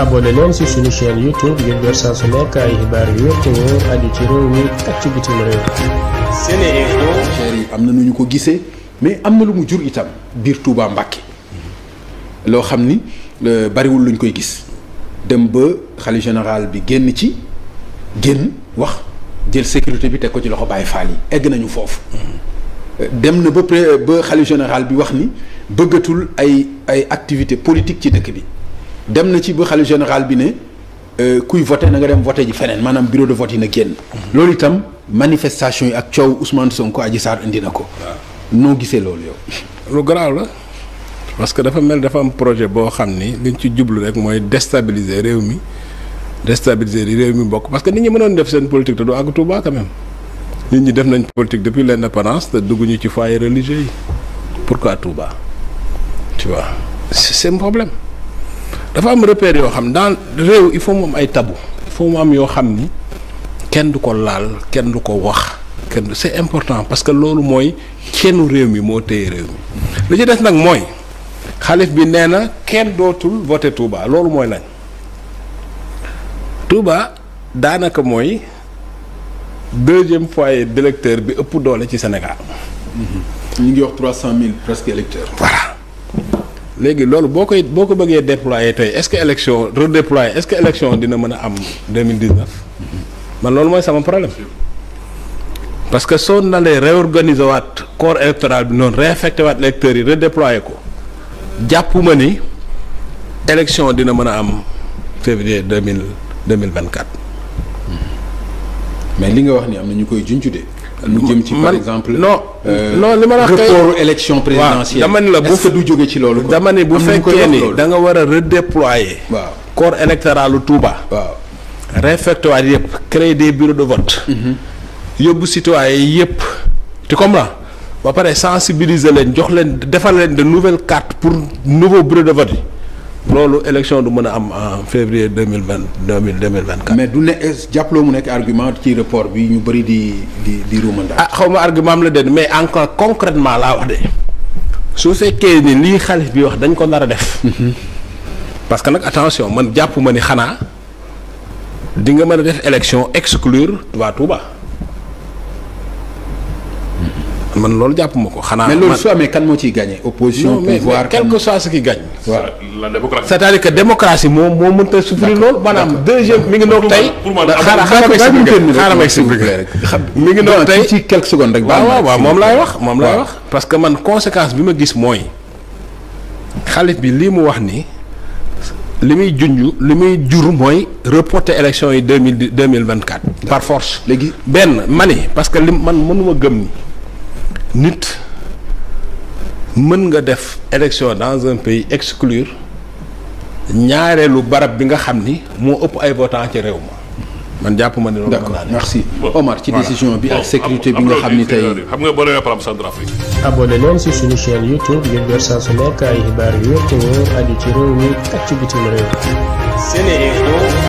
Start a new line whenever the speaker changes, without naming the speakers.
abonné leen ci suñu chaîne YouTube ngir jot saa su nekk ay xibaar yu wér te ci réew mi ak ci bitim yi am na nu ñu ko gisee mais am na lu mu jur itam biir Touba Mbacké loo xam ni euh, bariwul luñ koy gis dem ba xalifa général bi génn ci génn wax jël sécurité bi teg ko ci loxo Baye Fall yi egg nañu foofu. dem na ba pré général bi wax ni bëggatul ay ay activités politiques ci dëkk bi. dem na ci bu xale général bi ne euh, kuy voté na nga dem voté ji feneen maanaam bureau de vote yi na génn. Mhm. loolu itam manifestation yi ak coow Ousmane Sonko Adji Sarr indi na ko. noo gisee loolu yow. lu garaaw la parce que dafa mel dafa am projet boo xam ni liñ ci jublu rek mooy déstabiliser réew mi déstabiliser réew mi bokk parce que nit ñi mënoon def seen politique te du àgg Touba quand nit ñi def nañ politique depuis l'indépendance te dugguñu ci foyer religieux yi pourquoi Touba tu vois c'est un problème. dafa am repère yoo xam daan réew il faut mu am ay tabou il faut mu am yoo xam ni kenn du ko laal kenn du ko wax kenn c'est important parce que loolu mooy kennu réew mi moo téye réew mi li ci des nag mooy xalif bi nee na kenn dootul voté Touba loolu mooy lañ Touba daanaka mooy deuxième foyer directeur bi ëpp doole ci Sénégal. Mmh. ñu ngi wax trois cent mille presque électeurs. voilà. léegi loolu boo koy boo ko bëggee déployer tey est-ce que élection redéployer est-ce dina mën a am 2019 man loolu mooy sama problème parce que soo nalee réorganiser waat corps électoral bi noonu réaffecté waat électeurs yi redéployer ko jàppuma ni élection dina mën a am février deux mille deux mille vingt-quatre mais li nga wax ni am na ñu koy junjudee lu jëm ci par exemple. non euh, non li ma la xëy report élection présidentielle. la bu fekkee du jóge ci loolu. dama ne bu ko ni da nga war a redéployer. waaw corps électoral lu Touba. waaw réfectoire yëpp créer des de vote. Mhm. yóbbu citoyen yëpp. tu comprends ba pare sensibiliser leen jox leen defal leen de nouvelles cartes pour nouveau bureau de vote yi. loolu élection du mën a am en deux mille vingt deux mille vingt quatre. mais du ne jàppaloo mu nekk argument ci report bi ñu bëri di di di ruumandaan. ah xaw ma argument la de mais encore concrètement laa wax de su fekkee ni lii xalis bi wax dañ ko nar a def. parce que nag attention man jàpp ma ni xanaa di nga mën a def élection exclure waa Touba. man loolu jàpp ma ko xanaa. mais loolu su amee kan moo ciy gagné. opposition pouvoir quel que soit ce qui gagne. la démocratie démocratie moom moo mënta a souffrir loolu. maanaam deuxième mi ngi noog tey. pour man xaaral ma expliqué rek mi ngi noog tey ci quelques secondes rek. waaw waaw waaw moom laay wax moom laay wax. parce que man conséquence bi ma gis mooy xaalis bi lii mu wax ni li muy junj li muy jur mooy reporter élection yi deux mille deux mille vingt quatre. par force léegi benn ma ni parce que li man mënuma gëm ni nit mën nga def élection dans un pays exclure ñaareelu barab bi nga xam ni moo ëpp ay votants ci réew ma man jàpp ma ne loolu. d'accord merci Omar ci décision bi ak sécurité bi nga xam ni tey. xam nga boo demee par exemple Centrafrique. abonné leen si suñu chaîne YouTube ngir jot saa su nekk yu wér te wóor aju ci réew mi ak bitim réew.